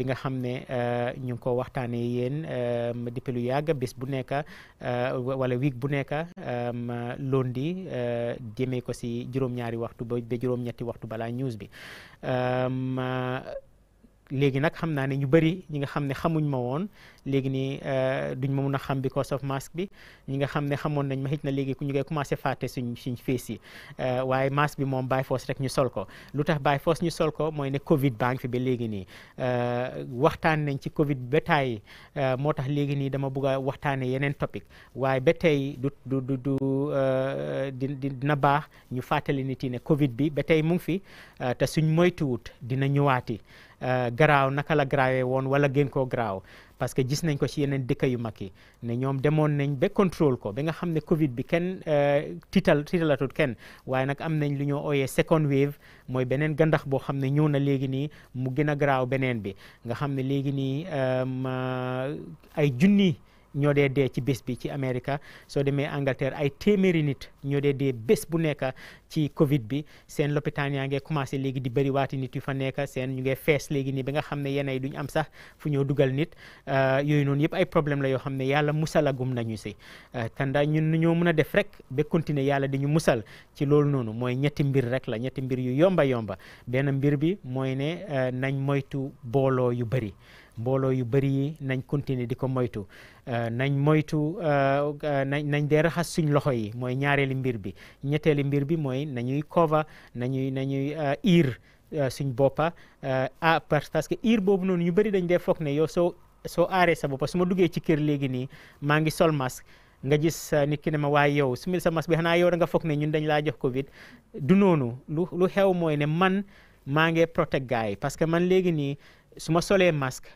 bi nga xam ne euh, ñu ngi ko waxtaanee yéen euh, depuis lu yàgg bis bu nekk euh, wala week bu nekk lundi jëmee ko si juróom-ñaari waxtu ba ba juróom-ñetti waxtu balaa news bi. léegi nag xam naa ne ñu bëri ñi nga xam ne xamuñ ma woon léegi nii euh, duñ ma mun a xam because of masque bi ñi nga xam ne xamoon nañ ma xëj na léegi ñu koy commencé fàtte suñ suñ fees yi euh, waaye masque bi moom by force rek ñu sol ko lu tax by force ñu solko mooy ne covid baa ngi fi ba léegi nii euh, waxtaan nañ ci covid ba tàyyi moo tax léegi nii dama bugg a waxtaane yeneen waaye ba tey du du du du di dina baax ñu fàttali nit yi ne covid bi ba tey mu ngi fi te suñ moytuwut dina ñëwaati Euh, garaaw naka la garaawee woon wala gën koo garaaw parce que gis nañ ko ci yeneen dëkk yu mag yi ne ñoom demoon nañ ba contrôle ko ba nga xam ne Covid bi kenn euh, tiital tiitalatut kenn waaye nag am nañ lu ñoo ooyee second wave mooy beneen gandax boo xam ne ñëw na léegi nii mu gën a garaaw beneen bi nga xam ne léegi nii euh, ay junni. ñoo dee dee ci bés bi ci Amérique soo demee Angleterre ay téeméeri nit ñoo dee dee bés bu nekk ci Covid bi seen lopitaan yaa ngee commencé léegi di bëri waati nit yu fa nekk seen ñu ngi fees léegi nii ba nga xam ne yenn yi duñ am sax fu ñoo dugal nit euh, yooyu noonu yëpp ay problème la yoo xam ne yàlla musalagum nañu si euh, tanda ñun ñoo mën a def rek ba continuer yàlla di ñu musal ci loolu noonu mooy ñetti mbir rek la ñetti mbir yu yomba yomba benn mbir bi mooy ne euh, nañ moytu booloo yu bëri mbooloo yu bëri yi nañ continuer di ko moytu euh, nañ moytu euh, euh, nañ nañ dee raxas suñ loxo yi mooy ñaareelu mbir bi ñetteeli mbir bi mooy nañuy kova nañuy nañuy iir suñ boppa ah parce que iir boobu noonu ñu bëri dañ dee foog ne yow soo soo aaree sa boppa su ma duggee ci kër léegi nii maa ngi sol masque nga gis nit ki ma waaye yow su mil sa masque bi xanaa yow da nga foog ne ñun dañ laa jox Covid du noonu lu lu xew mooy ne man maa ngi protect gars yi parce que man léegi nii su ma solee masque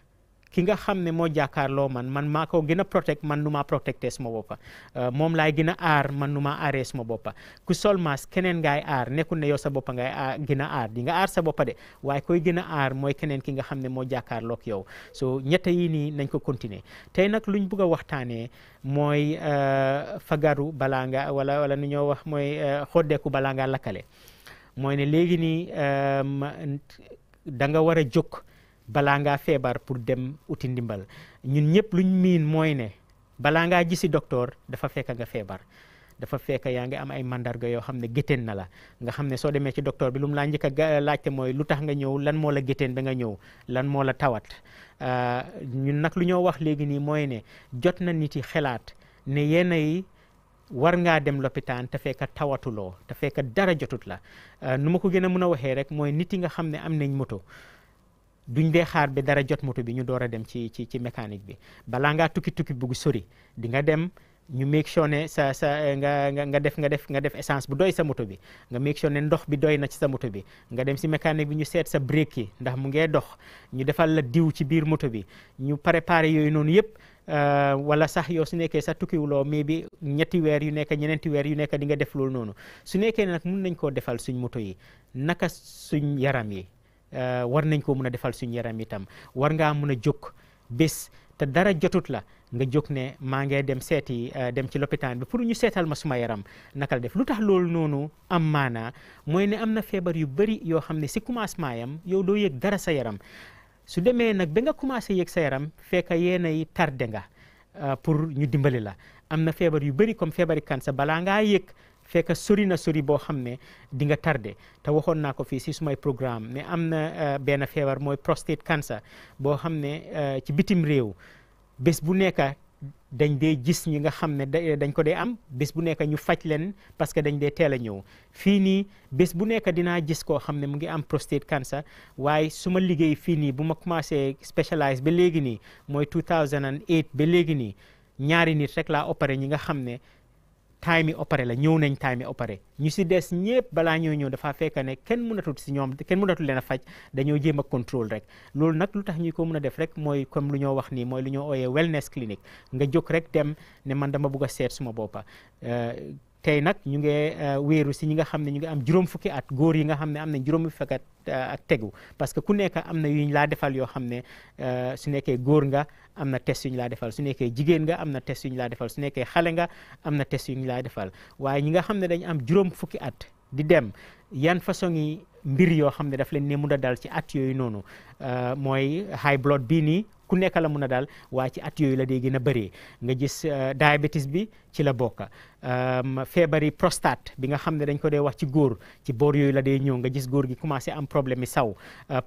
ki nga xam ne moo jàkkaarloo man man maa ko gën a protect man nu maa protecté suma boppa euh, moom laay gën a aar man nu maa aaree suma boppa ku sol mask keneen ngay aar nekkul ne yow sa boppa ngay gina aar di nga aar sa boppa de waaye koy gën a aar mooy keneen ki nga xam ne moo jàkkaarloog yow so ñette yi nii nañ ko continuer tey nag luñ bugg a waxtaanee mooy euh, fagaru balaa nga wala wala nu ñoo wax mooy euh, xoddeeku balaa ngaa lakkale mooy ne léegi nii da nga war a jóg balaa ngaa feebar pour dem uti ndimbal ñun ñëpp luñ miin mooy ne balaa ngaa gisi docteur dafa fekk nga feebar dafa fekk yaa ngi am ay mandarga yoo xam ne géttéen na la nga xam ne soo demee ci docteur bi lu mu laa njëkk a laajte mooy lu tax nga ñëw lan moo la géttéen ba nga ñëw lan moo la tawat ah, ñun nag lu ñoo wax léegi nii mooy ne jot na nit yi xelaat ne yenn yi war ngaa dem lopitaan te fekk tawatuloo te fekk dara jotut la ah, nu ma ko gën a mën a waxee rek mooy nit yi nga xam ne am nañ moto duñ dee xaar bi dara jot moto bi ñu door a dem ci ci ci mécanique bi bala ngaa tukki tukki bugg sori di nga dem ñu make sure sa sa eh, nga nga def nga def nga def essence bu doy sa moto bi nga make ndox bi doy na ci sa moto bi nga dem si mécanique bi ñu seet sa break yi ndax mu ngee dox ñu defal la diw ci biir moto bi ñu préparé yooyu noonu yëpp euh, wala sax yow su nekkee sax tukkiwuloo mais bi ñetti weer yu nekk ñeneenti weer yu nekk di nga def loolu noonu su nekkee nag mun nañ koo defal suñ moto yi naka suñ yaram yi Euh, war nañ ko mun a defal suñu yaram itam war ngaa mun a jog bés te dara jotut la nga jóg ne maa ngi dem seeti euh, dem ci lopitaan bi pour ñu seetal ma suma yaram naka def lu tax loolu noonu am maanaa mooy ne am na feebar yu bëri yoo xam ne si commencement yam yow doo yëg dara sa yaram su demee nag ba nga commencé yëg sa yaram fekk yéen ay tardé nga euh, pour ñu dimbali la am na feebar yu bëri kom feebari cancer balaa ngaa yëg fekk sori na sori boo xam ne di nga tardé te waxoon naa ko fii si sumay programme ne am na euh, benn feebar mooy prostate cancer boo xam ne euh, ci bitim réew bés bu nekk dañ dee jis ñi nga xam ne dañ ko dee am bés bu nekk ñu faj leen parce que dañ dee teel a ñëw fii nii bés bu nekk dinaa gis koo xam ne mu ngi am prostate cancer waaye suma liggéey fii nii bu ma commencé specialise ba léegi nii mooy 2008 ba léegi nii ñaari nit rek laa opéré ñi nga xam ne time yi opéré la ñëw nañ time yi opéré ñu si des ñëpp balaa ñoo ñëw dafa fekk ne kenn mënatul si ñoom kenn mënatul leen a faj dañoo jéem a contrôle rek loolu nag lu tax ñu ko mën a def rek mooy comme lu ñoo wax nii mooy lu ñoo ooyee wellness clinique nga jóg rek dem ne man dama bugg a seet suma boppa euh, tey nag ñu ngi euh, weeru si ñi nga xam ne ñu ngi am juróom fukki at góor yi nga xam ne am na juróom fukki at euh, tegu parce que ku nekk am na yuñ laa defal yoo xam ne euh, su nekkee góor nga am na test yuñ laa defal su nekkee jigéen nga am na test yuñ laa defal su nekkee xale nga am na test yuñ laa defal waaye ñi nga xam ne dañ am juróom fukki at di dem yan façon yi mbir yoo xam ne daf leen ne mun a daal ci at yooyu noonu euh, mooy high blood bii nii ku nekk la mun a daal waaye ci at yooyu la day gën a bëree nga gis euh, diabetes bi ci la bokk euh, feebari prostate bi nga xam ne dañ ko dee wax ci góor ci boor yooyu la day ñëw nga gis góor gi commencé am problème mi saw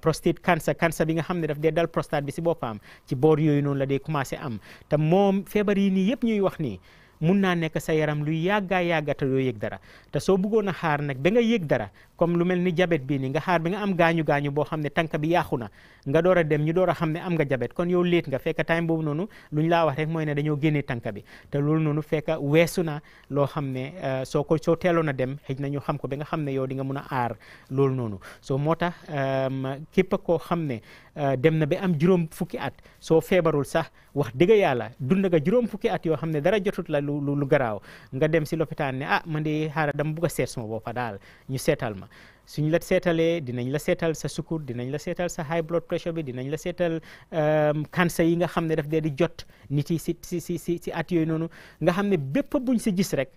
prostate cancer cancer bi nga xam ne daf dee dal prostate bi si boppam ci boor yooyu noonu la day commencé am te moom feebar yi nii yëpp ñuy wax nii mun naa nekk sa yaram lu yàggaa yàgga te doo yëg dara te soo bëggoon a xaar nag ba nga yëg dara comme lu mel ni jabet bii ni nga xaar bi nga am gaañu-gaañu boo xam ne tànk bi yàqu na nga door a dem ñu door a xam ne am nga jabet kon yow léet nga fekk time boobu noonu lu ñu laa wax rek mooy ne dañoo génnee tànk bi te loolu noonu fekk weesu na loo xam ne euh, soo ko soo teeloon a dem xëj na ñu xam ko ba nga xam ne yow di nga mun a aar loolu noonu soo moo tax euh, képp koo xam ne euh, dem na ba am juróom fukki at soo feebarul sax wax dëgg yàlla dund nga juróom fukki at yoo xam ne dara jotut la lu lu garaaw nga dem si lopitaan ne ah man de xaaral dama bugg a seet suma boppa daal ñu seetal ma suñ la seetalee dinañ la seetal sa sukkur dinañ la seetal sa high blood pressure bi dinañ la seetal ehm, cancer yi nga xam ne daf dee di jot nit yi si si si si at noonu nga xam ne bépp buñ si gis rek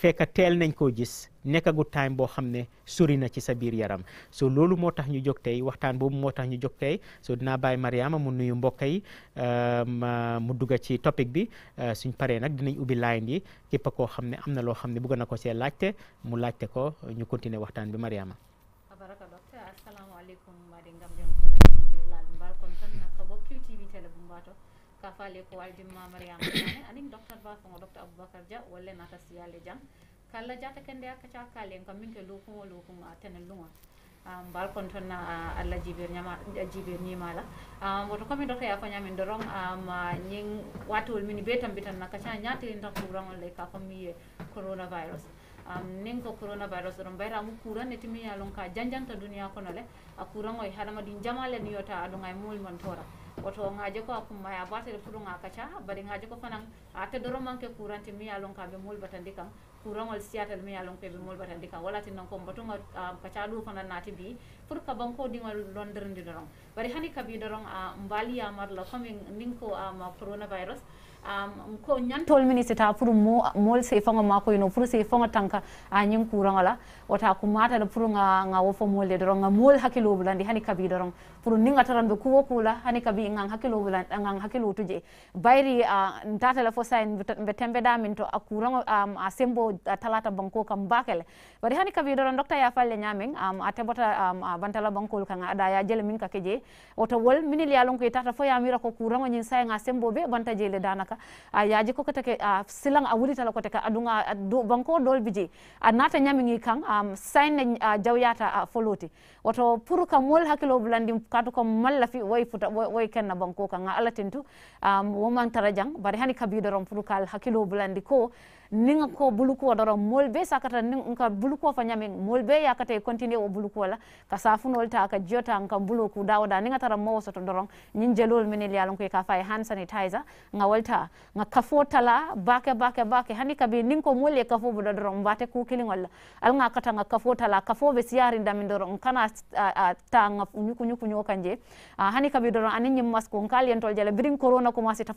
fekk teel nañ koo gis nekkagut time boo xam ne sori na ci sa biir yaram so loolu moo tax ñu jog tey waxtaan boobu moo tax ñu jóg tey so dinaa bàyyi Mariama mu nuyu mbokk yi euh, mu dugg ci topic bi euh, suñ paree nag dinañ ubbi line yi képp koo xam ne am na loo xam ne bëgg na ko see laajte mu laajte ko ñu continuer waxtaan bi Mariama. abaraka docteur assalamualeykum mbaɗe gam jon kuɗaɗum kalla jata kende akka cakalen kam min to lokumo a tene luma mbal um, kon toon uh, allah jibir ñama uh, jibir ñimala um, woto komin ɗo toya koñamin doron ma um, ñin uh, watowol min be tambi tan naka ca ñatirin tan courangol ley ka commiye coronavirus nin ko coronavirus ɗon mbayra mu courant ne timiya lon ka janjanta duniya kono le a courant oy haɗama ɗin jamale ni yota aɗon ay mumol man tora woto ŋaje ko akumma ah, ah, ya batere fuɗuŋa kaca bari ŋaje ko fanan ate doromanke kuranti mi ye lon ka ɓe moolu batandi kan kuraŋol siyatal mi ye lon ko ɓe moolu batandi kan walati nan ko batuŋa kaca ɗu fana naati pour ka banko ɗiŋol londirndi doroŋ la comme nin ko um, ah, coronavirus um, ko ñantol mini sita a ñiŋ kuraŋo la wota kumata la pour ŋa ŋa wo fo bulandi hani kabi doroŋ pour ninga taran be kuwo kula hani kabi ngang hakilo bulan ngang hakilo tuje bayri uh, ntatala fo sain be tembe damin to akurango um, a sembo talata banko kam bakele bari hani kabi doron dokta ya falle nyamen um, bantala banko kanga ada ya jele min kakeje woto wol minil ya lonko tata fo ya ko kurango nyin sai nga sembo be banta jele danaka a yaji ko katake uh, silang a wuli tala ko taka adunga adu, banko dol bije a nata nyamin kan um, sain uh, jawyata uh, foloti woto pour ka mol hakkilo bulandi katu ko malla fi woy futa woy kenna banko kan ala tintu um, woman tara jang bare hani kabidoron pour kal hakkilo bulandi ko ninga ko bulukuwo doro mool be sakata nka bulukuwo fa ñamin o bulukuwo la ka safunol ta ka jiyo ta nka bulo dawo da ninga tara mowo soto doron ñin jelol minel yalon koy hand sanitizer nga walta nga kafo tala bake bake bake hani kabi nin ko mool e kafo buda doron mbate ku kilingol la al nga kata nga kafo tala kafo be siyari ndamin doron kana ta nga nyuku nyuku nyo kanje uh, hani kabi doron anin ñim masko nkal yentol jala birin corona ko masita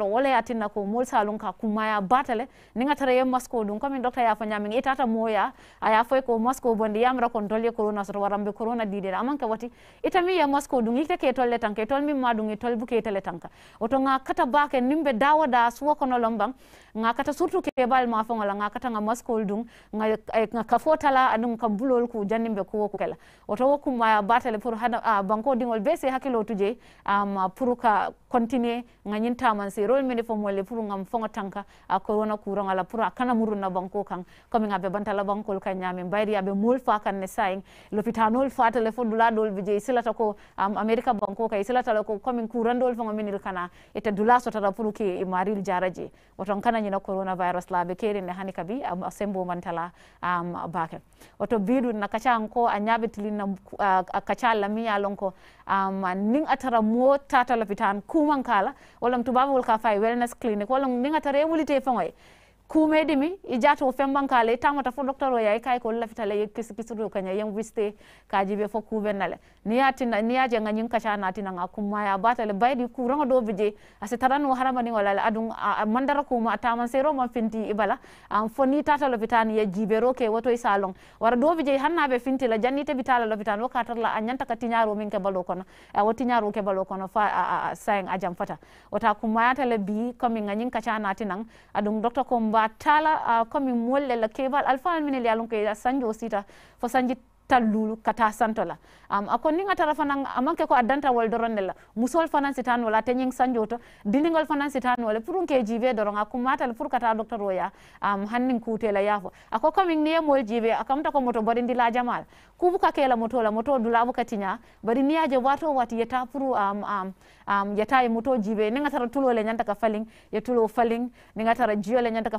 lo wole atinna ko mol salon ka kumaya batale ninga tara ye masko dum comme docteur ya fanya min itata moya aya foy ko masko bondi yamra kon dolye corona soto warambe corona didere amanka wati itami ye masko dum ikte ke tolle tanke tol min ma dum tol buke tele tanka oto nga kata bake nimbe dawa da suwa kono lombang nga kata surtout ke bal ma fo nga kata nga masko dum nga, eh, nga kafotala adum kambulol ku jannimbe ko ko kala oto wo kumaya batale pour hada ah, role mene fo molle pour ngam fonga tanka a corona kuranga a pour akana muruna banko kan a ngabe bantala bankol kan nyame a abe mol fa kan ne sain lopitanol fa telephone dula dol bije silata ko um, america banko kay silata ko comme kurandol fo ngaminil kana ita dula sota da pour ke e maril jaraje waton kana nyina corona la be kere ne hani kabi um, asembo mantala um, bake wato na kacha anko anyabe tilina uh, kacha lamia lonko um, ning atara mo tata lapitan kumang kala walam tubabul ka fai wellness clinic walam ning atara emulite fangoy kuumeɗimi i jaato o fembankale tamata fo docteur o yayi kay ko lafitale kisi kisuto kaña yen wiste kaji ɓe fo kuɓennale niyatina niyaje gañin kaca natinaga kummaya batale bayɗi kuraga ɗoɓe je asi tarano haramani walale aɗum mandara kuma a taman sero man finti ibala an fo ni tata l'hôpital ye jibero ke wotoy salon wara ɗoɓe je hannaɓe fintila jannite bitala l'hôpital o katarla a ñanta ka tiñaro min wo tiñaro keɓalo kono a jam fata wota kummayatale bi commin gañin kaca natinan aɗum wa tala uh, ah, komin molle la kebal alfanal minen leyalon ko sanjo sita fo sanji tallulu kata santo la um, ako ninga tara fana amanke ko addanta wol doron la musol fana sitan wala tenyeng sanjoto diningol fana sitan wala pour ke jibe doron ako matal pour kata docteur oya um, hannin kute la yafo ako coming ne mol jibe akamta ko moto bari ndila jamal kubuka kela moto la moto dulabu katinya bari niyaje wato wati yeta pour um, um, um, yata e moto jibe ninga tara tulo le ka faling ninga tara jio le nyanta ka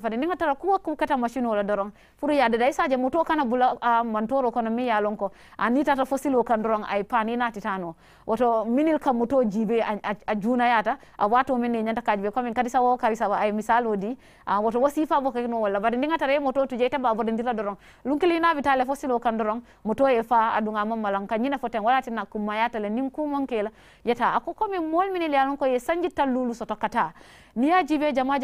yalon a ani tata fosilo kan a ay pani nati tano woto minil kam muto jibe a juna yata a wato min ne nyanta kajbe ko min kadi sawo kawi sawa ay misalo di uh, woto wasifa bo kayno walla bade ndinga tare moto tuje tamba bode ndila doron lunkili na bitale fosilo kan doron moto e fa adunga mamalan kan nyina foten wala tinna kumma yata nin kumon kela yata ako ko min mol minil yalon ko ye sanjita lulu soto kata niya jibe jama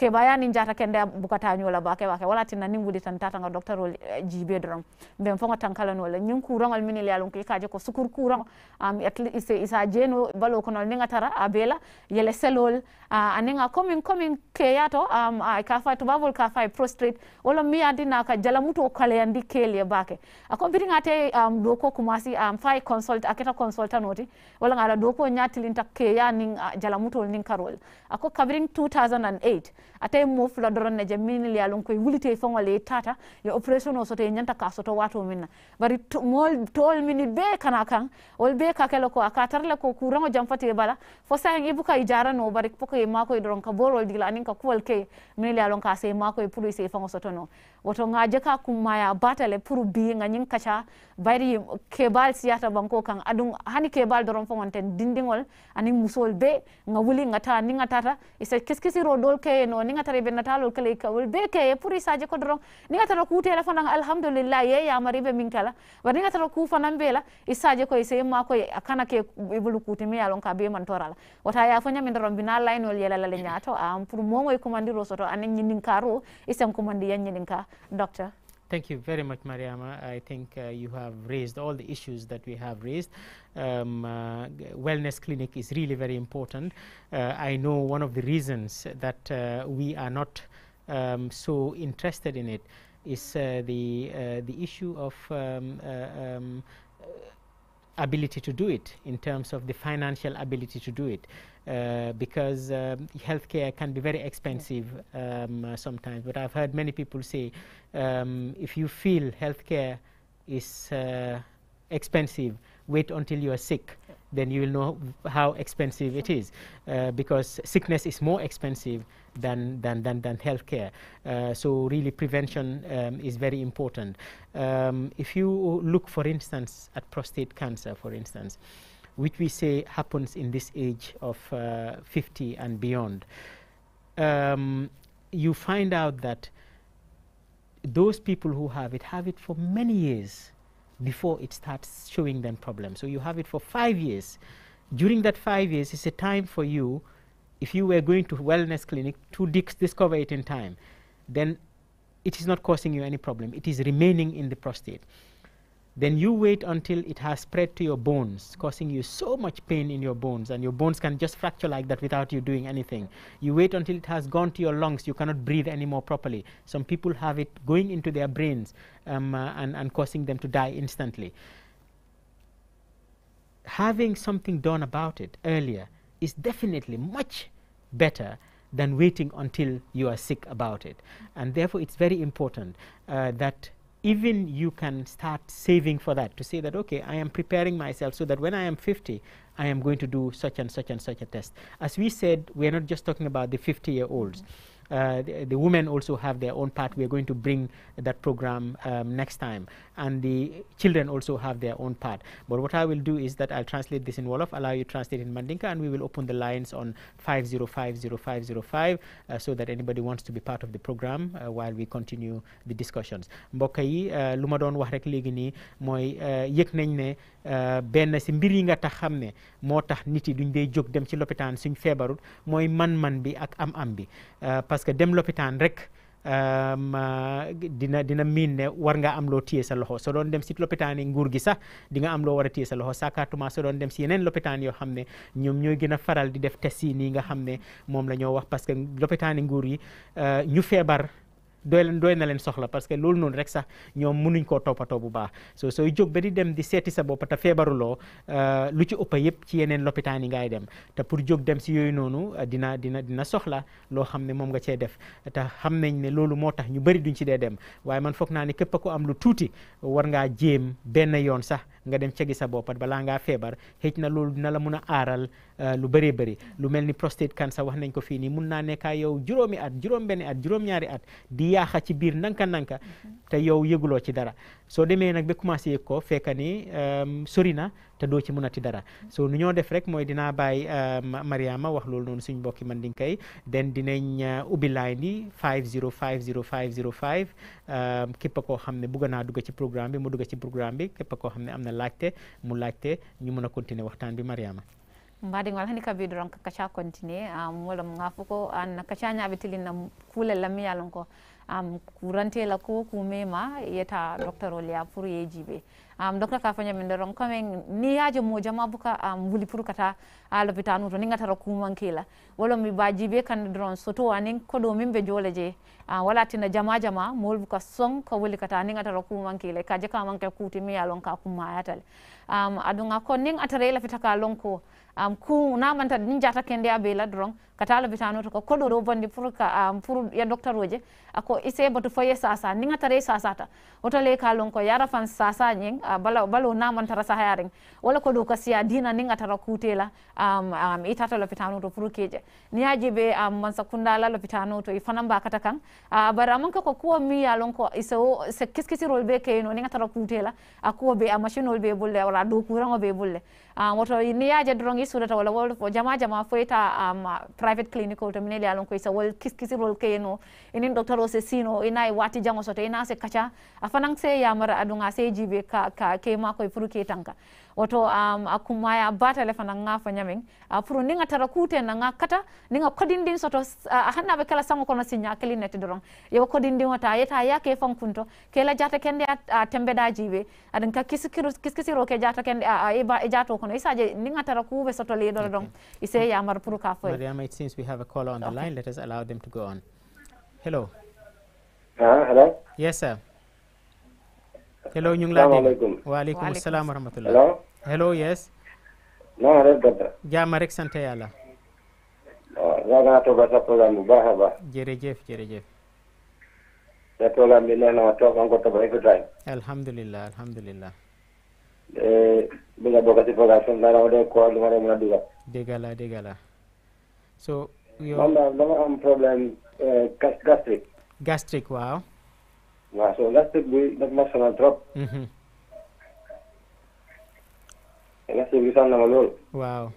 ke bayanin jata kende bukata nyola bake wake wala tinna nin wudi tan tata nga docteur ol uh, eh, jibe dron ben fonga tan kala no nyin kuran al minil yalon ke kaje ko sukur kuran am um, at least isa jeno balo kono ninga tara abela yele selol a ah, aninga coming coming ke yato am um, ah, ka fa to ka fa prostrate wala mi adina ka jala muto kala yandi kele bake a kompiti ngate am um, kumasi am um, fa consult aketa consultanoti wala ngala doko ate mo fula doron ne je min ya lon koy wulite fonwale tata yo operation o sote nyanta ka soto wato minna bari mol tol mini be kana kan wol be ka kelo ko aka tarle ko kurango jamfati bala fo sa hen ibuka ijara no bari poko e mako e doron ka borol digla anin ka kuwal ke min ya ka se mako e pulu se fongo soto no woto ngaje ka kumaya batale puru bi nganyin kacha bari kebal siyata banko kan adun hani kebal ninga tara ɓe natalo kala kawol be keye pour isaje ko doron ninga tara ku tela fanan alhamdulillah ye yamari ɓe min kala bar ninga tara ku fanan bela isaje koye sey ma koye kana ke ibulu kuti mi yalon ka be man torala wata ya fo ñamin doron bina laynol yelalale ñato am pour momoy commandiro soto anen ñinin karo isen commandi yan ñinin ka docteur Thank you very much, Mariama. I think uh, you have raised all the issues that we have raised. Um, uh, wellness clinic is really very important. Uh, I know one of the reasons that uh, we are not um, so interested in it is uh, the uh, the issue of um, um ability to do it in terms of the financial ability to do it. uh, because um, healthcare can be very expensive um, uh, sometimes. But I've heard many people say um, if you feel healthcare is uh, expensive, wait until you are sick. Then you will know how expensive it is, uh, because sickness is more expensive than than than than healthcare. Uh, so really, prevention um, is very important. Um, if you look, for instance, at prostate cancer, for instance, which we say happens in this age of uh, 50 and beyond, um, you find out that those people who have it have it for many years before it starts showing them problems. So you have it for five years. During that five years, it's a time for you, if you were going to wellness clinic, to discover it in time. Then it is not causing you any problem. It is remaining in the prostate. then you wait until it has spread to your bones, causing you so much pain in your bones, and your bones can just fracture like that without you doing anything. You wait until it has gone to your lungs, you cannot breathe anymore properly. Some people have it going into their brains um, uh, and, and causing them to die instantly. Having something done about it earlier is definitely much better than waiting until you are sick about it. And therefore, it's very important uh, that even you can start saving for that to say that okay I am preparing myself so that when I am 50 I am going to do such and such and such a test as we said we are not just talking about the 50 year olds mm -hmm. Uh, the, the, women also have their own part. We're going to bring that program um, next time. And the children also have their own part. But what I will do is that I'll translate this in Wolof, allow you translate in Mandinka, and we will open the lines on uh, so that anybody wants to be part of the program uh, while we continue the discussions. mbokk yi lu ma doon wax rek léegi nii mooy yëg nañ ne benn si mbir yi nga tax xam ne moo tax nit yi duñ dee jóg dem ci lopitaan suñ feebarut mooy man-man bi ak am-am parce dem lopitaan rek euh, dina dina miin ne war nga am loo téye sa loxo so doon dem si lopitaan yi nguur gi sax di nga am loo war a téye sa loxo sakatuma so doon dem si yeneen lopitaan yoo xam ne ñoom ñooy gën a faral di def test yi nii nga xam ne moom la ñoo wax parce que lopitaan yi nguur euh, ñu feebar doy leen na leen soxla parce que loolu noonu rek sax ñoom mënuñ koo toppatoo bu baax so sooy jóg ba di dem di seeti sa bopp te feebaruloo euh, lu ci ëpp yëpp ci yeneen lopitaan yi ngay dem te pour jóg dem si yooyu noonu euh, dina dina dina soxla loo xam ne moom nga cee def te xam nañ ne loolu moo tax ñu bëri duñ ci dee dem waaye man foog naa ne képp ku am lu tuuti war ngaa jéem benn yoon sax nga dem cegi gis sa bopp balaa ngaa feebar xëj na loolu dina la mun a aaral euh, lu bëree bëri lu mel ni prostate cancer wax nañ ko fii nii mun naa nekkaa yow juróomi at juróom-benni at juróom-ñaari at di yaaxa ci biir nanka nanka mm-hmm. te yow yëguloo ci dara soo demee nag ba commencé yëg ko fekka ni euh, sori na te doo ci mënati dara so nu ñoo def rek mooy dinaa bàyyi euh, Mariama wax loolu noonu suñ mbokki man di kay den dinañ euh, ubbi line yi 5050505 képp koo xam ne bugg naa dugg ci programme bi mu dugg ci programme bi képp koo xam ne am na laajte mu laajte ñu mën a continuer waxtaan bi Mariama mbaɗi ngol hani kabiɗo ron kaca continue um, wala mo gafo ko an kacañaɓe tilinna kuulel lammiyalon ko am um, kurantela ko kumema yeta docteur o leya pour yejiɓe um, docteur ka fanya mende ron kame ni yaje moja mabuka um, wuli puru kata ala uh, pitanu to ninga tara kuman kila wala mi baji be kan dron soto anin ko do min be jole je uh, wala tina jama jama mol buka song ko wuli kata ninga tara kuman kila ka je ka man ka kuti mi alon ka kuma yatal um, adunga ko ning atare ila fitaka lonko um, ku namanta ɗin jata kende a bela dron katala bitano to ko koɗo ɗo bandi pour ka um, pour ya docteur oje ako ise batu foye sasa ninga tare sasata otole ka lon ko yara fan sasa nyen Ah, bala balo namantara sahayarin wala ko ɗo ka dina nin atara kutela itata lopitano to pour niyaji ɓe um, mansa kundala lopitano i fanan bakata kan uh, ah, bara amon ka ko kuwo mi yalon ko iso se kiskisirol ɓe keyno nin atara kutela a kuwo ɓe a machine ol bulle wala dow courant o bulle um, ah, woto niyaje dorong i sudata walla wol jama jama foyta ah, ah, um, private clinical to mineli alon koy sa wol kiskisirol keyeno inin docteur o se sino ina e wati jango soto ina se kaca afanan se yamara adunga se jibe ka, ka kema koye pour ke tanka woto um, akumaya abata lefa a fa nyaming a puru ninga tarakute nanga kata ninga kodindin soto uh, hanna be kala sango kono sinya kali neti dorong yo kodindin wata yeta yake fon kunto kela jata kende at, uh, tembe da jibe adin kisikiru ke jata kende uh, uh eba e jato kono isaje ninga tarakube soto le dorong okay. ise ya mar puru ka fo Mariama it a caller on hello uh, hello yes sir hello ñu ngi laa dégg waaleykum wa rahmatullah hello yes. na def Badara. jaama rek sant yàlla. waaw sa programme bu baax a baax. jërëjëf jërëjëf. programme bi neex na ma nga ko toog rek time. alhamdulilah alhamdulilah. E, bi nga so. yow man daal am problème e, gastrique. gastrique waaw. waaw so gastrique bi trop. Mm-hmm. émission bi sonn na ma waaw.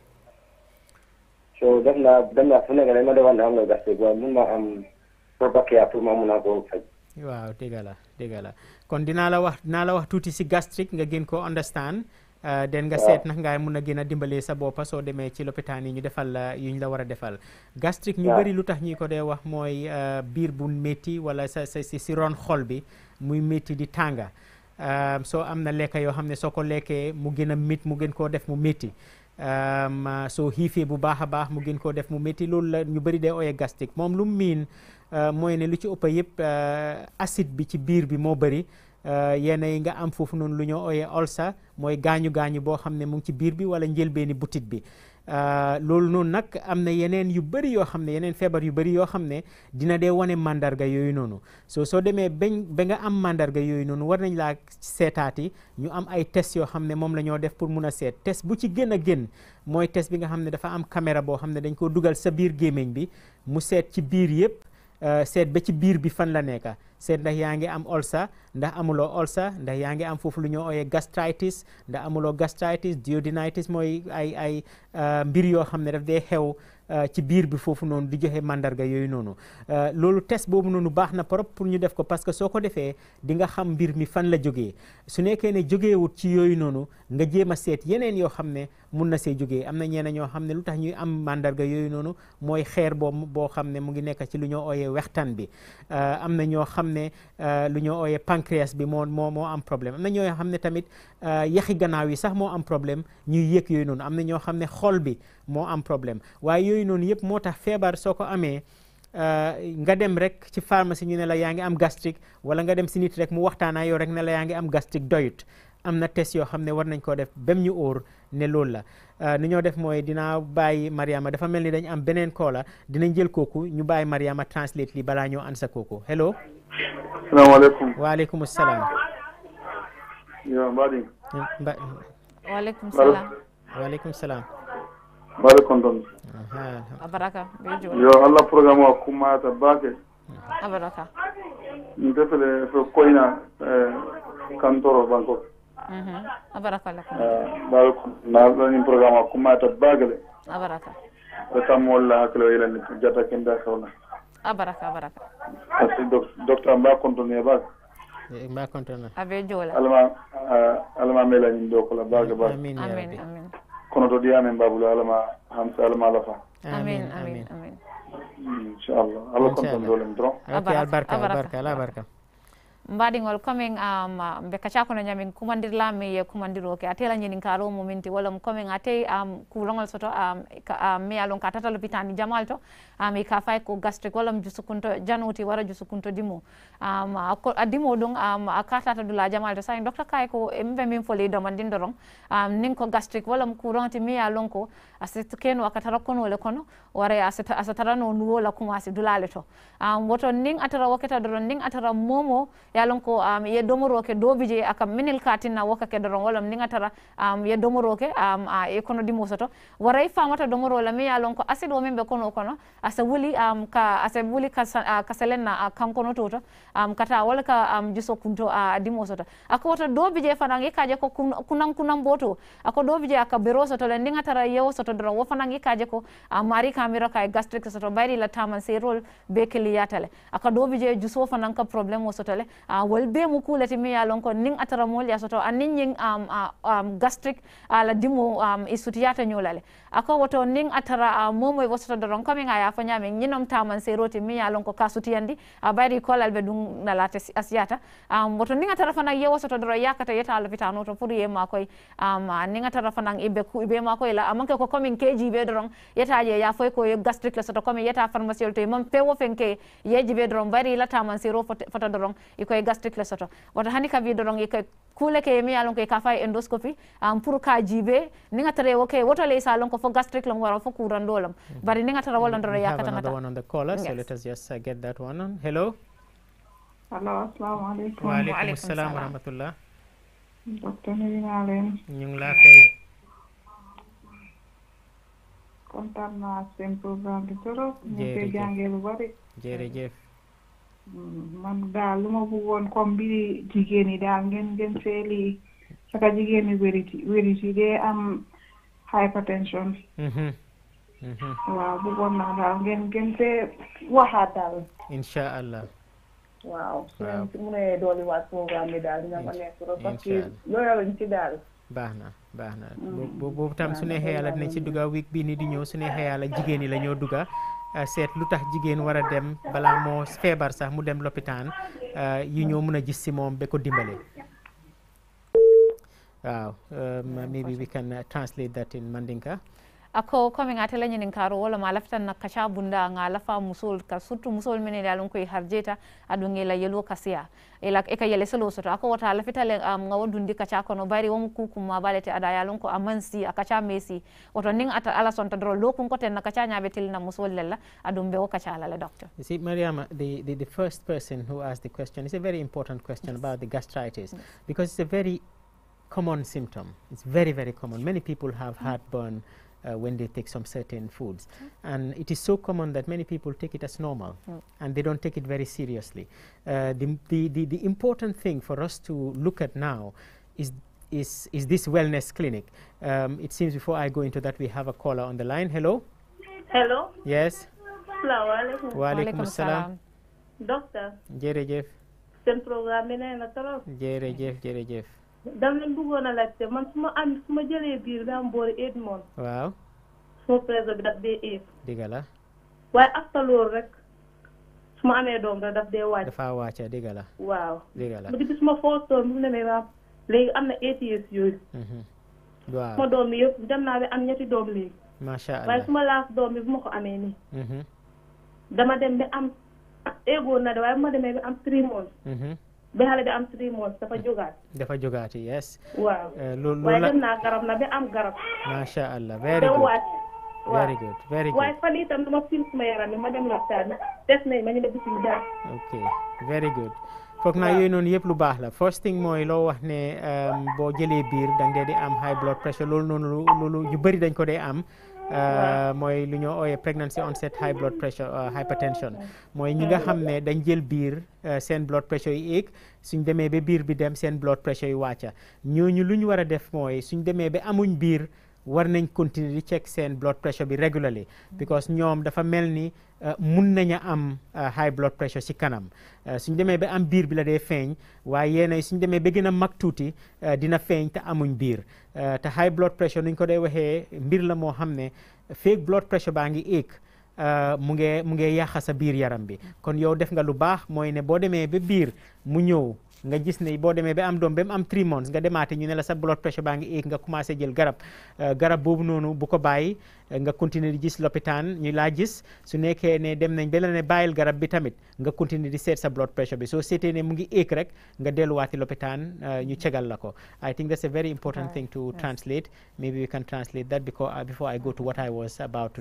so def la dëgg la kon dinaa la wax dinaa la wax tuuti si gastrique nga gën ko understand. Uh, den nga seet nax ngaa mun a gën a dimbalee sa boppa soo demee ci lopitaan yi ñu defal la yu ñu la war a defal gastrique ñu bëri lu tax ñi ko dee wax mooy uh, biir bu métti wala sa sa si ron xol bi muy métti di tànga Ehm, soo am na lekka yoo xam ne soo ko lekkee mu gën a mit mu gën koo def mu métti ehm, soo xiifee bu baax a baax mu gën koo def mu métti loolu la ñu bëri dee ooyee gastrique moom lu mu miin eh, mooy ne lu ci ëpp yëpp eh, acide bi ci biir bi moo bëri eh, yenn yi nga am foofu noonu lu ñoo ooyee ulcer mooy gaañu gaañu boo xam ne mu ngi ci biir bi wala njëlbeeni butit bi Euh, loolu noonu nag am na yeneen yu bëri yoo xam ne yeneen feebar yu bari yoo xam ne dina dee wane màndarga yooyu noonu soo soo demee bañ ba nga am mandarga yooyu noonu war nañ laa seetaati ñu am ay test yoo xam ne moom la ñoo def pour mun a seet test bu ci gën a gën mooy test bi nga xam ne dafa am caméra boo xam ne dañ koo dugal sa biir gémmiñ bi mu seet ci biir yëpp euh, seet ba ci biir bi fan la nekka seet ndax yaa ngi am olsa ndax amuloo ulcer ndax yaa ngi am foofu lu ñoo ooyee gastritis ndax amuloo gastritis duodenitis mooy ay ay euh, mbir yoo xam ne daf dee xew euh, ci biir bi foofu noonu di joxe mandarga yooyu noonu euh, loolu test boobu noonu baax na trop pour ñu def ko parce que soo ko defee di nga xam mbir mi fan la jógee su nekkee ne jógeewut ci yooyu noonu nga jéem a seet yeneen yoo xam ne mun na see jógee am na ñeena ñoo xam ne lu tax ñuy am mandarga yooyu noonu mooy xeer boobu boo xam ne mu ngi nekk ci lu ñoo ooyee wextaan bi am na ñoo xam ne lu ñoo ooyee pancréas bi moo moo moo am problème am na ñoo xam ne tamit euh, yaxi gannaaw yi sax moo am problème ñuy yëg yooyu noonu am na ñoo xam ne xool bi moo am problème waaye yooyu noonu yëpp moo tax feebar soo ko amee euh, nga dem rek ci pharmacie ñu ne la yaa ngi am gastrique wala nga dem si nit rek mu waxtaanaa yow rek ne yaa ngi am gastrique doyut am na test yoo xam ne war nañ koo def bam ñu oor ne loolu la euh, nu ñoo def mooy dinaa bàyyi Mariama dafa mel ni dañ am beneen koola dinañ jël kooku ñu bàyyi Mariama translate li balaa ñoo ansa kooku salaamaaleykum waaleykum salaam. yow Mbading. Mba. waaleykum salaam. waaleykum salaam. mbaɗa kontonɗo abaraka yo allah programme o kummata baake abaraka mi defele fo koyna eh, kantoro banko mhm. abaraka la eh, mbaɗa naɗonin programme o kummata baake le abaraka ko tammo olla hakkilo yilani jatta kenda sowna a baraka a baraka merci docteur mba continue baak eh, mba continue abe joola alama euh, alama melañin ɗo kola baga baga amin amin kono to ɗiyamen babula alama hamsa alama lafa amin amin amin inchallah allah kontan dolem trop ok albarka albarka ala barkam mbaɗigol commin um, ɓe uh, kacakono ñamin kumandirlami e kumandiroke a tela ñinin ka lomu minti walla commin a tey um, kulogol soto um, um, uh, mi alon ka tata lopitani jamal to um, ka fay ko gastrique walla jusukunto janoti wara jusukunto dimo um, a dimo a dula jamal to sa docteur ko mɓe min foli domandin doron um, nin ko gastrique walla courante mi ya lon ko asit tara konole kono wara asa tarano nuwola kumasi um, woto nin atara wakketa doron nin atara momo ya lon ko um, ye domoroke doobije aka minil ka tinna wokkake doron walla ninga tara um, ye domoroke um, kono dimo soto waray famata domoro la mi ya lon ko asid o min ɓe kono kono asa wuli um, ka asa wuli kasalenna kasa uh, kankono toto um, kata ka um, juso kunto uh, dimo soto ako wota doobije fanan ikkaje ko kunan kunan boto ako doobije aka bero soto la ninga tara yewo soto doron wo fanan ikkaje ko um, mari kamiro ka e gastric soto bayri la taman sey rol be keliyatale aka doobije uh, wol be mu kula ti miya lon ko nin a mol ya soto anin yin um, a ah, um, gastric ala ah, dimu um, isutiyata nyolale ako woto nin a uh, momo wo soto doron kami nga a fanya min nyinom taman seroti miya lon ko a abari kolal be dun nalate asiyata um, woto nin atara fana yewo soto doro yakata ye makoy ko komin keji la soto komi yeta pharmacie to mom pewo fenke yeji be doron bari la taman sero fota doron iko koy gastric le soto woto hani ka wi dorong e kule ke mi yalon ko ka fay endoscopy am um, pour ka jibe ni ngata wo ke woto le salon ko fo gastric lon waro fo kuran dolam mhm. bari ni ngata wala ndoro yakata ngata one on the caller yes. so let programme bi trop ñu koy jàngee man daal lu ma bëggoon kom bi jigéen yi daal ngeen ngeen seeli saka jigéen yi wériti wériti dee am hypertension. Mm-hmm. Mm-hmm. waaw bëggoon naa daal ngeen ngeen see waxaat daal. incha allah. waaw su ngeen si mënee dooliwaat programme bi daal dina ko nekk trop. parce que baax na baax na. Mm. boobu tam su neexee yàlla dinañ ci dugga week bii nii di ñëw su neexee yàlla jigéen yi la ñoo dugga. Euh, seet lu tax jigéen war a dem balaa moo feebar sax mu dem lopitaan euh, yi ñoo mën a gis si moom ba ko dimbale waaw euh, bi we can translate that in Mandinka ako komi a tela ñinin karo wala ma laftan na kaca bunda ga lafa musol ka surtout musol mene da lon koy harjeta aɗum ela yelo kasiya eka yele selo soto ako wata lafitale um, ga wadundi kaca kono bari wom kukuma balete aɗa yalon ko amansi a kaca mesi woto nin ata ala sonta doro lokun koten na kaca ñaɓe telina musol lella aɗum ɓe wo kaca alala docteur you see mariama the, first person who asked the question a about the gastritis because a uh, when they take some certain foods. And it is so common that many people take it as normal mm. and they don't take it very seriously. Uh, the, important thing for is, this wellness clinic. Um, it seems before I go into that, we have a caller on the line. Hello? Yes? Waalaikum salaam. Doctor. jërëjëf. seen programme bi neex dama leen bëggoon a laajte man su ma am su ma jëlee biir bi am boori Edmond. waaw. suma presse bi daf dee éeg. dëgg la. waaye afta loolu rek su ma amee doom rek daf dee wàcc. dafa wàcc dëgg la. waaw dëgg la depuis su ma foosoon mu ne léegi am na eight years yooyu. Mhm. waaw yëpp dem naa bi am ñetti doom léegi. macha allah waaye suma laas doom bi bu ma ko amee nii. Mhm. dama dem bi am éegoon na de waaye bu ma demee bi am three months. Mhm. ba xale bi am three months dafa jógaat. dafa jógaat yes. waaw loolu eh, loolu la waaye dem naa garab na ba am garab. macha allah very good very good very good waaye fan suma yaram bi ma dem lopitaan test nañ ma ñu ne bisuñ dara. ok very good. foog naa yooyu noonu yëpp lu baax la first thing mooy loo wax ne boo jëlee biir da dee di am high blood pressure loolu noonu lu lu yu dañ ko dee am. Euh, mooy lu ñoo ooyee pregnancy onset high blood pressure euh, hypertension mooy ñi nga xam ne dañ jël biir euh, seen blood pressure yi éeg suñ demee ba biir bi dem seen blood pressure yi wàcca ñooñu lu ñu war a def mooy suñ demee ba amuñ biir war nañ continuer di check seen blood pressure bi regularly mm. because ñoom dafa mel ni mun nañu am high blood pressure kanam suñ demee ba am biir bi la dee feeñ waaye yéena suñ demee ba gën a mag tuuti dina feeñ te amuñ biir Eh, te high blood pressure ni ñu ko dee waxee mbir la moo xam ne feeg blood pressure baa ngi éeg eh, mu nge mu ngee yàq sa biir yaram bi mm. kon yow def nga lu baax mooy ne boo demee ba biir mu ñëw nga gis ne boo demee ba am doom ba mu am 3 months nga demaate ñu ne la sa blood pressure baa ngi éeg nga commencé jël garab euh, boobu noonu bu ko bàyyi euh, nga continuer di gis lopitaan ñu laa gis su nekkee ne dem nañ ba la ne bàyyil garab bi tamit nga continuer di seet sa blood pressure bi soo seetee ne mu ngi éeg rek nga delluwaati lopitaan euh, ñu cegal la ko I think that's a very important thing to translate maybe we can translate that because uh, before I go to what I was about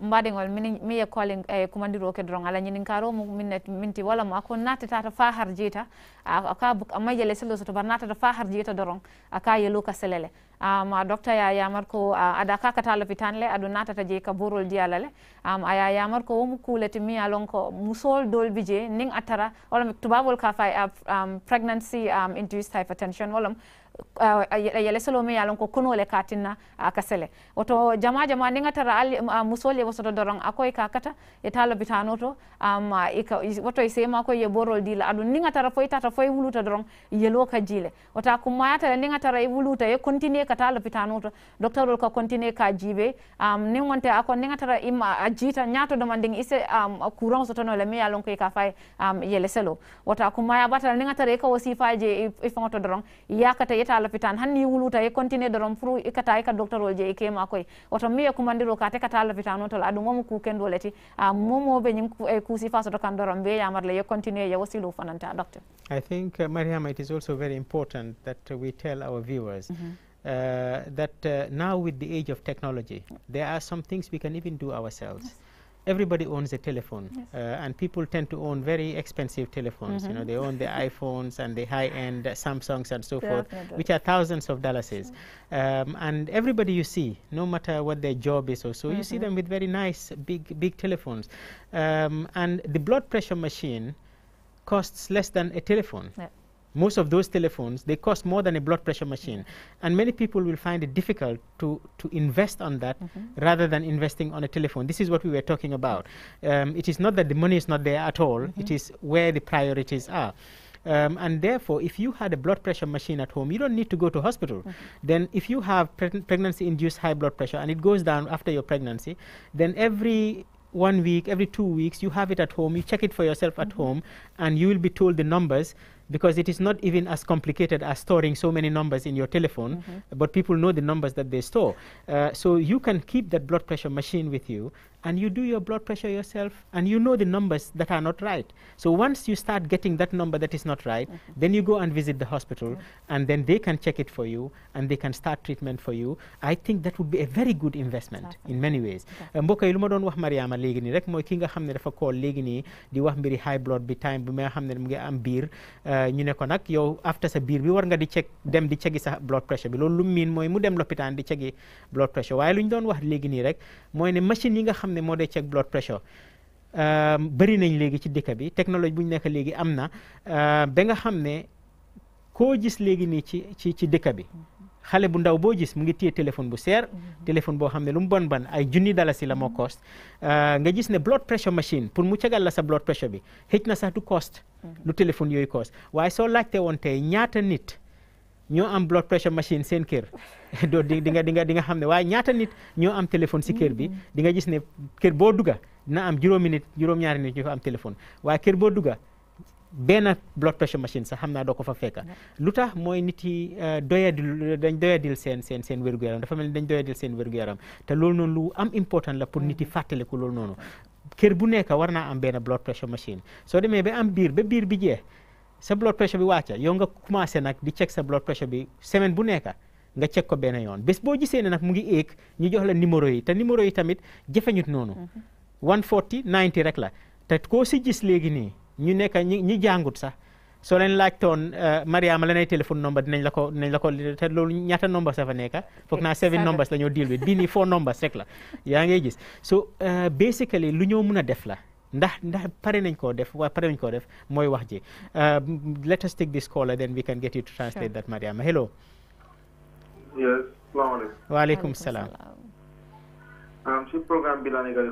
mbaɗigol min mi yekkole e kumandiro ke doron ala ñinin karo mu minnet minti wala mo ako natitata fa har jeeta aka amma yele selo soto bar natata fa har jeeta aka yelo ka selele um, docteur ya yamar ko uh, ka kata lopitan le aɗo natata je ka borol diyala le um, aya yamar ko womo kuulete mi alon ko musol dolbi je nin attara walam tubabol ka pregnancy um, induced hypertension walam Uh, a yele solomi ye a lon ko kunole ka tinna a uh, ka sele woto jama jama ndiŋa tara al uh, wosoto doroŋ a ka kata ye ta lo bitano to um, woto i sema koy ye borol di la aduŋ ndiŋa tara foyi tata foyi wuluta doroŋ yelo e e ka jile woto a kummayata le ndiŋa tara i wuluta ye continue ka ta lo bitano to docteurol ka continue ka jibe um, niŋ wonte a ko ndiŋa tara ima a jiita ñato domandiŋ i se um, courant sotono le ye a a lafi tan hanni wuluta e continuer doron pour e kata e ka doctorol je e kema oto mi kumandiro ka te kata lafi tan on to la kukendole ti a momoɓe ñin e eh, kuusi fa soto kan doron mbeyamarla ye i think uh, it is also very important that we tell our viewers mm-hmm. uh, that uh, now with the age of technology, there are some things we can even do ourselves. everybody owns a telephone yes. uh, and people tend to own very expensive telephones mm -hmm. you know mm-hmm. they own the iphones and the high end uh, samsungs and so forth which are thousands of dollars mm -hmm. um, and everybody you see no matter what their job is or so mm -hmm. you see mm-hmm. them with very nice big big telephones um, and the blood pressure machine costs less than a telephone yeah. most of those telephones, they cost more than a blood pressure machine. And many people will find it difficult to, invest on that mm-hmm. rather than investing on a telephone. This is what we were talking about. Um, it is not that the money is not there at all. Mm-hmm. It is where the priorities are. Um, therefore, if you had a blood pressure machine at hospital. Mm-hmm. Then, if you have pre blood pressure and then every two weeks, you have it at home, you check it for yourself at home, because it is not even as complicated as storing so many numbers in your telephone, mm -hmm. but people know the numbers that they store. Uh, so you can keep that blood pressure machine with you and you do your blood pressure yourself and you know the numbers that are not right so once you start getting that number that is not right okay. then you go and visit the hospital yeah. and then they can check it for you and they can start treatment for you i think that would be a very good investment exactly. in many ways eh, mbokk yi lu ma doon wax Mariama léegi nii rek mooy ki nga xam ne dafa kool léegi nii di wax mbiri high blood bi time bi nga xam ne mu ngi am biir eh, ñu ne ko nag yow after sa biir bi war nga di check dem di checki sa blood pressure bi loolu lu miin mooy mu dem lopitaan di checki blood pressure waaye lu ñu doon wax léegi nii rek mooy ne machine yi nga xam ne moo dee check blood pressure euh, bëri nañ léegi ci dëkk bi technologie bu ñu nekk léegi am na euh, ba nga xam ne koo gis léegi nii ci ci ci dëkk bi xale bu ndaw boo gis mu ngi téye téléphone bu seer mm-hmm. téléphone boo xam ne lu mu bon ban ay junni dalasi la moo mm-hmm. cost euh, nga gis ne blood pressure machine pour mu cagal la sa blood pressure bi xëj na sax du cost mm-hmm. lu téléphone yooyu cost waaye soo laajte woon ñaata nit ñoo am blood pressure machine seen kër doo di nga di nga di nga xam ne waaye ñaata nit ñoo am téléphone si kër bi mm-hmm. di nga gis ne kër boo duga dina am juróomi nit juróom-ñaari nit ñu am téléphone waaye kër boo dugga benn blood pressure machine sax xam naa doo ko fa fekka lu tax mooy nit yi euh, doyadil dañ doyadil seen seen seen wér yaram dafa mel ni dañ doyadil seen wér-gu-yaram te loolu noonu lu am important la pour nit yi mm-hmm. fàttaliku loolu noonu kër bu nekk war naa am benn blood pressure machine soo demee ba am biir ba biir bi jee sa blood pressure bi wàcca yow nga commencé nag di ceeg sa blood pressure bi semaine bu nekk nga check ko benn yoon bés boo gisee ne nag mu ngi éeg ñu jox la numéro yi te numéro yi tamit jafeñut noonu 140 mm-hmm. 90 rek la te koo si gis léegi nii ñu nekk ñi ñi jàngut sax soo leen laajtoon uh, Mariama lanay téléphone number dinañ la ko dinañ la ko te loolu ñaata numbers dafa nekk foog naa seven numbers la ñoo deal with bii nii four numbers rek la yaa ngay gis so uh, basically lu ñoo mun a def la ndax ndax pare nañ koo def waa koo def mooy wax ji euh, let us take this caller then we can get you to translate that Mariama hello. yes salaam. si um, programme bi laa nekk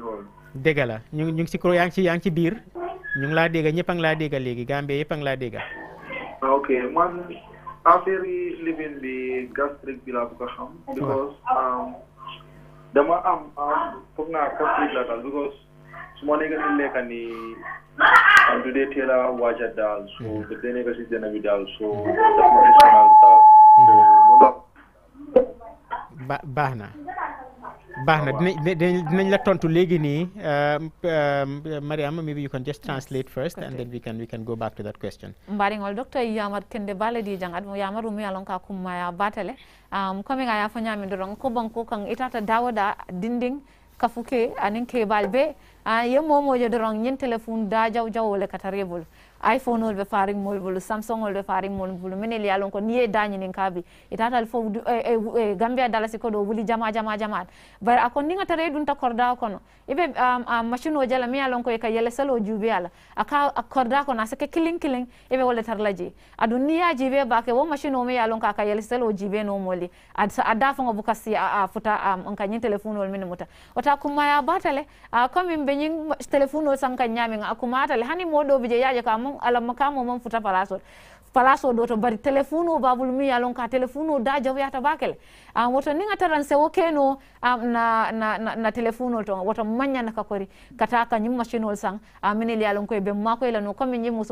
di la ñu ngi ñu si kuréel yaa ngi ngi ci biir ñu ngi laa dégg ñëpp a laa dégg léegi Gambie yëpp a laa dégg. Ah, ok man affaire yi living bi gastrique bi laa bëgg xam. Um, sumane ka sille ka ni andude so hmm. hmm. hmm. baax na baax na dinañ dinañ la tontu léegi nii um, um, you can just translate first and then we can go back to that question mbaɗigol docteur yamar kende baladi jang aɗum yamar umi alon ka kummaya batale um, commin a yafo ñamin doron ko banko kan itata dawoɗa dinding kafuke anin kebal be ah a yemmomojo doron ñin téléphone da jaw jawole kata revol iphone ol ɓe faringmol bulu samsung ol ɓe faringmol bulu minen liya lon ko ni ye dañinin kabi itatal fof eh, eh, eh, gambia dalasi ko ɗo wuli jama jama jama bare a kon ndiga tara ɗum ta korda kono eɓe machine o jala mi ya lon koye ka yele selo juubi ala a sike kilin kilin wo machine o mi ya lon aka yele selo jiibe nomoli a dafago buka si a futa nka ñin téléphone ol mine muta wota kummaya batale a commin ɓe ñin téléphone o sankan ñamin a kumatale hani moɗoɓe je yaje alam ma kan mo futa pala sot place o ɗo to bari téléphone o babul mi yalon ka téléphone o da jawyata bakele a ah, woto ninga taran sewo keno um, ah, na, na, na, na to woto mañana ka kori kata ka ñim machine sang uh, ah, minel yalon koye ɓe mako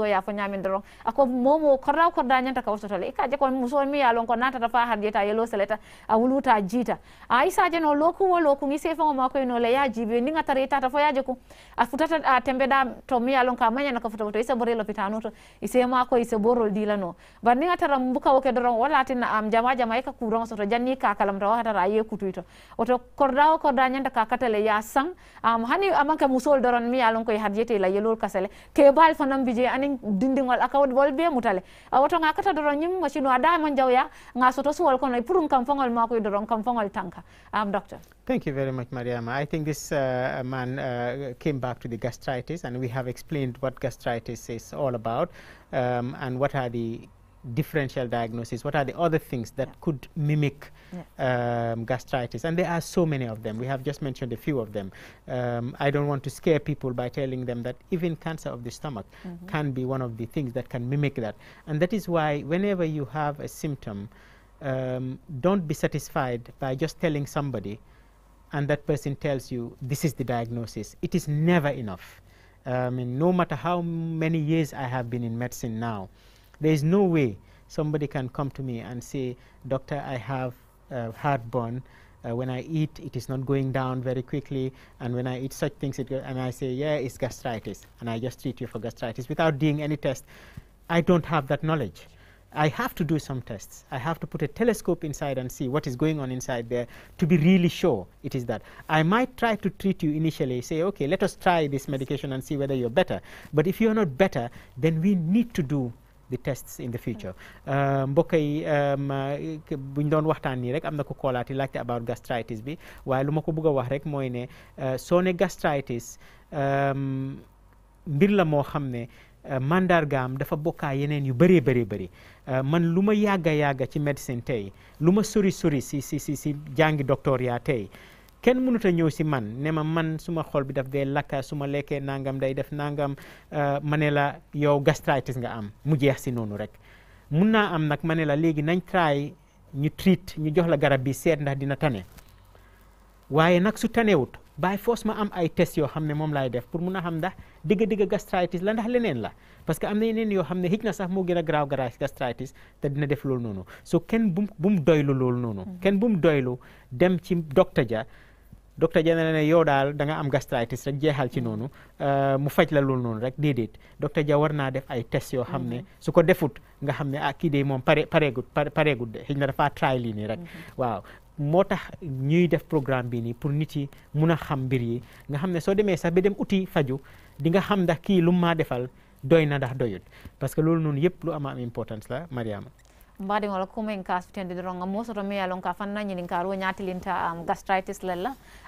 ya fo ñamin doron ako momo korda korda ñanta ka wototole i kaje kon muso mi yalon ko natata fa harjeta yelo seleta a wuluta a isaje no lokum wo lokum i sefango mako yeno le ya a a to mi yalon ka mañana ka fotowoto isa borel lopitanoto ise mako ise borol dila lano bari a ŋa tara mbuka wo ke doroŋ wo laatinna am jama jama i ka kuuraŋo soto janni ka kalamta wo hatara a ye kutuyito woto korda wo korda ñanta ka katale ye saŋ um, hani a maŋ ke musol doroŋ miŋ ye a loŋ ko la yelol kasale keebaal fanaŋ bi aniŋ dindiŋol a ka wol bee mutale uh, woto ŋa kata doroŋ ñiŋ masinu a daa maŋ ŋa soto suwol kono pour n kam faŋol maakoy doroŋ kam faŋol tanka am um, Thank you very much, Mariama. I think this uh, uh, man uh, came back to the gastritis, and we have explained what gastritis is all about um, and what are the differential diagnosis, what are the other things that yeah. could mimic yeah. um, gastritis. And there are so many of them. We have just mentioned a few of them. Um, I don't want to scare people by telling them that even cancer of the stomach mm -hmm. can be one of the things that can mimic that. And that is why whenever you have a symptom, um, don't be satisfied by just telling somebody and that person tells you this is the diagnosis it is never enough I mean no matter how many years I have been in medicine now there is no way somebody can come to me and say doctor I have uh, heartburn uh, when I eat it is not going down very quickly and when I eat such things it and I say yeah it's gastritis and I just treat you for gastritis without doing any test I don't have that knowledge I have to do some tests. I have to put a telescope inside and see what is going on inside there to be really sure it is that. I might try to treat you initially, say, okay, let us try this medication and see whether you're better. But if you're not better, then we need to do the tests in the future. Um, mbokk yi um, uh, bu ñu doon waxtaan nii rek am na ko koolaati laajte about gastritis bi waaye lu ma ko bëgg a wax rek mooy ne uh, soo ne gastritis um, mbir la moo xam ne. Euh, mandargaam dafa bokkaa yeneen yu bëree bëree bëri euh, man lu ma yàgga yàgga ci médecine tey lu ma sori sori si si jàngi docteur yaa tey kenn mënut a ñëw si man ne ma man suma xol bi daf dee lakka su ma lekkee nangam day def nangam euh, ma ne la yow gastritis nga am mu jeex si noonu rek mun naa am nag ma ne la léegi nañ try ñu treat ñu jox la garab bi seet ndax dina tane waaye nag su tanewut by force ma am ay test yoo xam ne moom laay def pour mun a xam ndax digg-digg gastritis la ndax leneen la parce que am na yeneen yoo xam ne xëj na sax moo gën a graaw gastritis te dina def loolu noonu so kenn bum bum doylu loolu noonu. Mm-hmm. kenn mu doylu dem ci docteur jaar docteur ja ne ne yow daal da am gastritis rek jeexal ci mm-hmm. noonu euh, mu faj la loolu noonu rek déedéet docteur ja war naa def ay test yoo xam ne mm-hmm. su ko defut nga xam ne ah kii de moom pare pareegut pareegut de na dafaa lii nii rek waaw moo tax ñuy def programme bi nii pour nit yi mun a xam mbir yi nga xam ne soo demee sax ba dem uti faju di nga xam ndax kii lu maa defal doy na ndax doyut parce que loolu noonu yëpp lu ama am importance la mariama mbaɗigol kumen ka sutende doronga mosoto meyalon ka fannañinin ka ro ñatilinta gastritis lella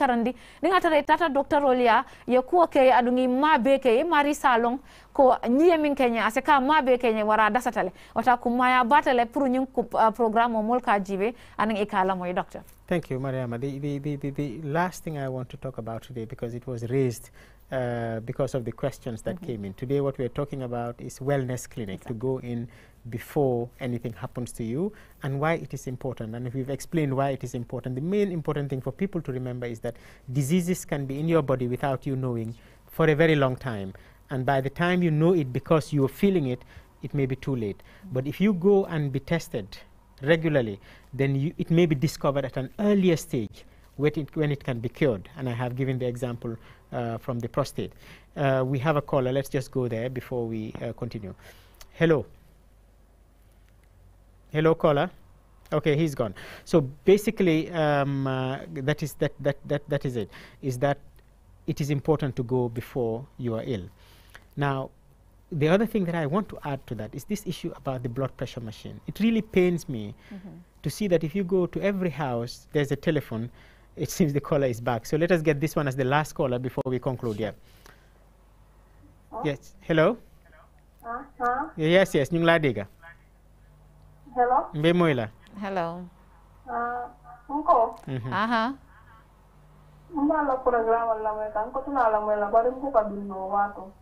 al a ɗingata re tata docteur ol ya yo a keye aɗugi ma be mari salon ko ñiye min keñe ase ka ma be keñe wara dasatale wata kummaya batale pour ñin uh, programme o mol ka jibe anin e kalamoye docteur Thank you, Mariama. The, last thing I want to talk about today, because it was raised uh, because of the questions that mm-hmm. came in. Today, what we're talking about is wellness clinic, to go in before anything happens to you and why it is important. And if we've explained why it is important, the main important thing for people to remember is that diseases can be in your body without you knowing for a very long time. And by the time you know it because you're feeling it, it may be too late. Mm -hmm. But if you go and be tested regularly, then you, it may be discovered at an earlier stage when it, when it can be cured. And I have given the example uh, from the prostate. Uh, we have a caller. Let's just go there before we uh, continue. Hello. hello caller okay he's gone so basically um, uh, that is that, that that that is it is that it is important to go before you are ill now the other thing that I want to add to that is this issue about the blood pressure machine it really pains me mm -hmm. to see that if you go to every house there's a telephone it seems the caller is back so let us get this one as the last caller before we conclude yeah oh. yes hello. hello. Uh, hello yes yes ñu ngi laa dégg Hello? Mbemwela. Hello. Ah, mko? Mhm. Aha. Mbala programa la mweka, nko tuna mwela bari mbuka bino watu.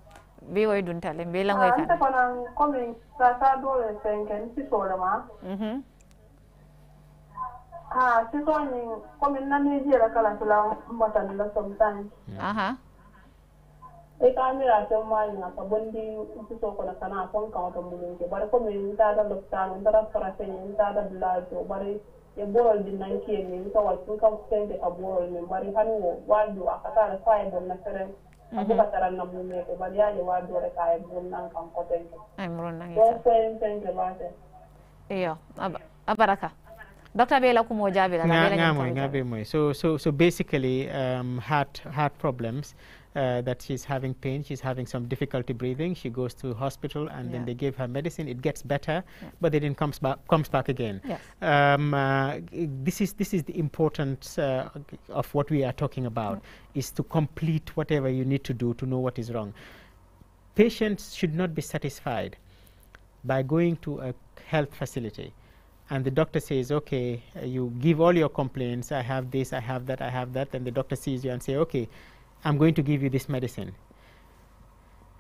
Bi woy dun tale, mbe mweka. Ante pana komi sasa dole senke nti sole ma. Mhm. Ah, sizo ni komi nani jira kala kila mbatani la sometimes. Aha. e camera mhm. sen majina ka bondi puso kono kana fon kawto mulunke bare comme en tata lopitano en tata farafeñe en tata villageio bare e ɓorol ɗi nankiye min kawal tun kam fende ka ɓorol min bare hani o waldu a katara fa e bonna feren abuka taranna mumeke bare yaje waldore ka e murnan kan kotenke donc foen fenke bate iyo abaraka docteur ɓe lakkumo jaabi la ngamoy ngamoy so so so basically um, heart heart problems uh, that she's having pain, she's having some difficulty breathing, she goes to hospital and yeah. then they give her medicine, it gets better, yeah. but then comes back, comes back again. Yes. Um, uh, this, is, this is the importance uh, of what we are talking about, mm -hmm. is to complete whatever you need to do to know what is wrong. Patients should not be satisfied by going to a health facility and the doctor says, okay, you give all your complaints, I have this, I have that, I have that, and the doctor sees you and say, okay, I'm going to give you this medicine.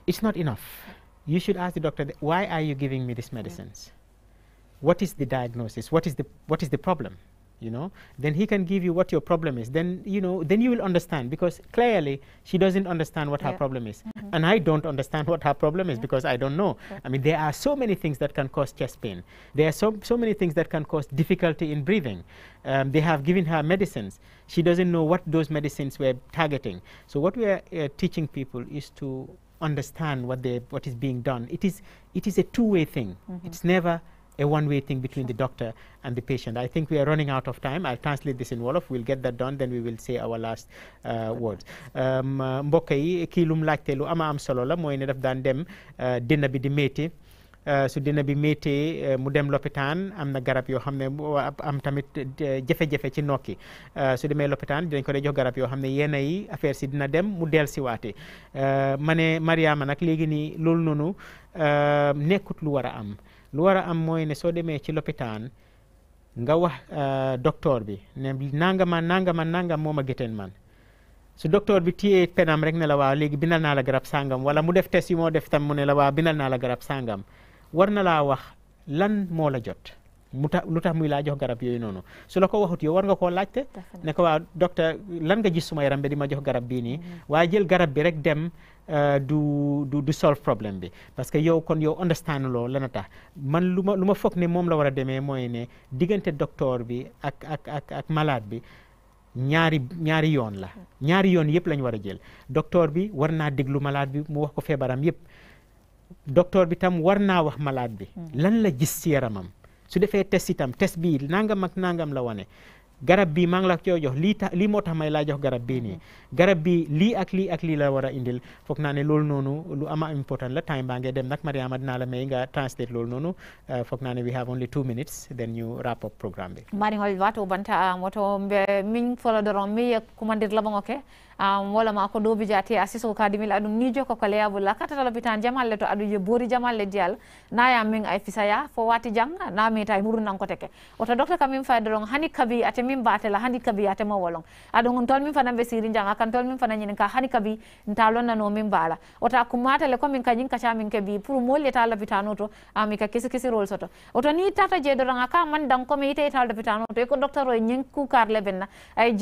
It's not enough. You should ask the doctor, why are you giving me these medicines? What is the diagnosis? What is the, what is the problem? you know then he can give you what your problem is then you know then you will understand because clearly she doesn't understand what yeah. her problem is mm -hmm. and I don't understand what her problem is yeah. because I don't know yeah. I mean there are so many things that can cause chest pain there are so, so many things that can cause difficulty in breathing um, they have given her medicines she doesn't know what those medicines were targeting so what we are uh, teaching people is to understand what they what is being done it is it is a two-way thing mm -hmm. it's never a one-way thing between the doctor and the patient. I think we are running out of time. I'll translate this in Wolof. We'll get that done. Then we will say our last uh, words. Um, uh, mbokk yi kii lum laajte lu ama am solo la mooy ne daf daan dem uh, dina bi di métti su dina bi méttee mu dem lopitaan am na garab yoo xam ne am tamit jafe-jafe ci nokki su demee lopitaan dinañ ko dee jox garab yoo xam ne yenn yi affaire si dina dem mu del siwaate ma ne Mariama nag léegi nii loolu noonu nekkut lu war a am. lu war a am mooy ne soo demee ci lopitaan nga wax euh, docteur bi ne nangama nangama nangam moom a gétteen man su docteur bi téyee penam rek ne la waa léegi bindal naa la garab sàngam wala mu def test yi moo def tam mu ne la waa bindal naa la garab sàngam war na laa wax lan moo la jot mu tax lu tax muy laa jox garab yooyu noonu su la ko waxut yow war nga koo laajte ne ko waa docteur lan nga gis suma yaram bi di ma jox garab bii nii mm-hmm. waaye jël garab bi rek dem Euh, du du du solve problème bi parce que yow kon yow understand loo la na tax man lu ma lu ma foog ne moom la war a demee mooy ne diggante docteur bi ak ak ak ak malade bi ñaari ñaari yoon la ñaari yoon yëpp lañ war a jël docteur bi war naa déglu malaat bi mu wax ko feebaram yëpp docteur bi tam war naa wax malaat bi hmm. lan la gis ci yaramam su defee tes itam test bii nangam ak nangam la wane garab bii maa la ko jox lii tax lii tax may laa jox garab bii ni mm-hmm. garab bi lii ak lii ak lii la war a indil foog naa ne loolu noonu lu ama important la time baa ngee dem nag Mariama dinaa la may nga translate loolu noonu uh, foog naa ne we have only two minutes then you wrap up programme bi mari hol wato banta moto min folo doron mi kumandir labango ke um, wala ma ko dobi jati asiso kadimil aɗum ni joko ko leyabol la katatala bitan jamalle to aɗum je boori jamalle diyal naya min ay fisaya fo wati jang namita e murnankoteke oto docteur kamin fayde ɗon hani kabi ate min batela hani kabi ate ma wolon aɗum tol min fana ɓe siri jang akan tol min fana ñinin ka hani kabi nta lonnano min mbala ota kummatale komin kañin kacamin keeɓi pour mollita lopitano to ka kisi kisirol soto oto ni tata to eko docteur o ñin kukarle benna ay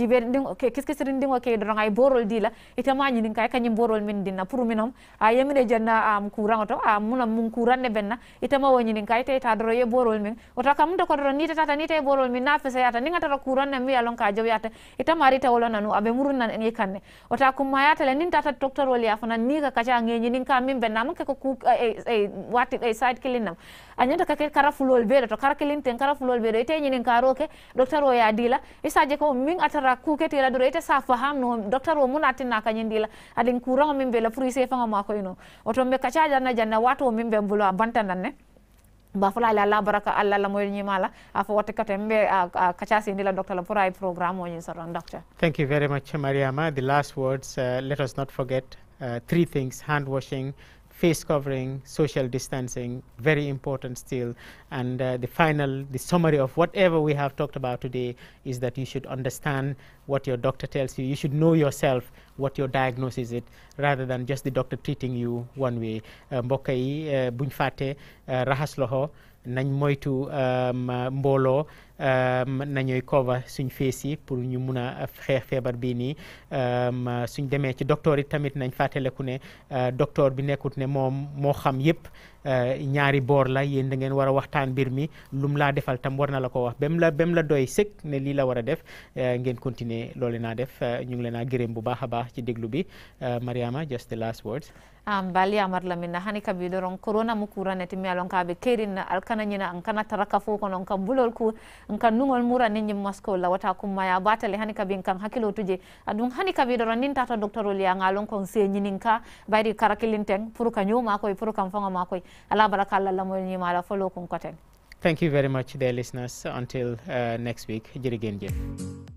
borol dila ite ma ñinin kay kanyim borol min dinna pour minom a yemine janna am kuran to a muna mun kuran ne benna ite ma wo ñinin kay te ta doro ye borol min o ta kam to ko doro ni te tata ni te borol min na fese yata ni ngata kuran ne mi yalon ka jow yata ite mari ta wala nanu abe murun nan e kanne o kum ma yata le nin tata doctor wol ya fana ni ka kacha ngi ñinin ka min benna mun ke ko ku eh, eh, eh, side kilinam anyanta kake kara fulol beɗo to kara kilinten kara fulol beɗo ite ñinin karo ke docteur o ya dila isaje ko min atara kuketila doro ite sa fahamno docteur o mun atinna kañin dila aɗin courant o min bela pour ise fango ma koyno oton ɓe kaca janna janna wato o min ɓe mbulo a bantanan ne bafula ala ala baraka ala la moyni mala afo wote kata mbe kachasi ndila doctor la pura program oyin soron doctor thank you very much mariama the last words uh, let us not uh, face covering, social distancing, very important still. And uh, the final, the summary of whatever we have talked about today is that you should understand what your doctor tells you. You should know yourself what your diagnosis is rather than just the doctor treating you one way uh, mbokk yi uh, buñ fàtte uh, raxas loxo nañ moytu euh, mbooloo euh, nañuy cover suñ fees yi pour ñu mun a xeex feebar bii nii euh, suñ demee ci docteur yi tamit nañ fàttaleku ne docteur bi nekkut ne moom moo xam yëpp ñaari boor la yéen da ngeen war waxtaan mbir mi lum laa defal tam war na la ko wax bem la bem la doy sëkk ne lii la war a def ngeen continuer loolu naa def ñu ngi leen a gërëm bu baax a baax ci déglu bi Mariama just the last words um, bali amarla minna hani ka bidoron corona mu kurane timmi alon ka be kerin alkana nyina an kana taraka fo kono kan bulol ku kan nungol mura ni nyim masko la wata kuma ya batale hani ka bin kan tuje adun hani ka bidoron nin tata doctor oli an alon kon se nyinin ka bari karakilin ka nyoma koy pour kan fanga ma ala baraka Allah la mo nyima la folo kun koten Thank you very much, dear uh, next week, Jirigenje.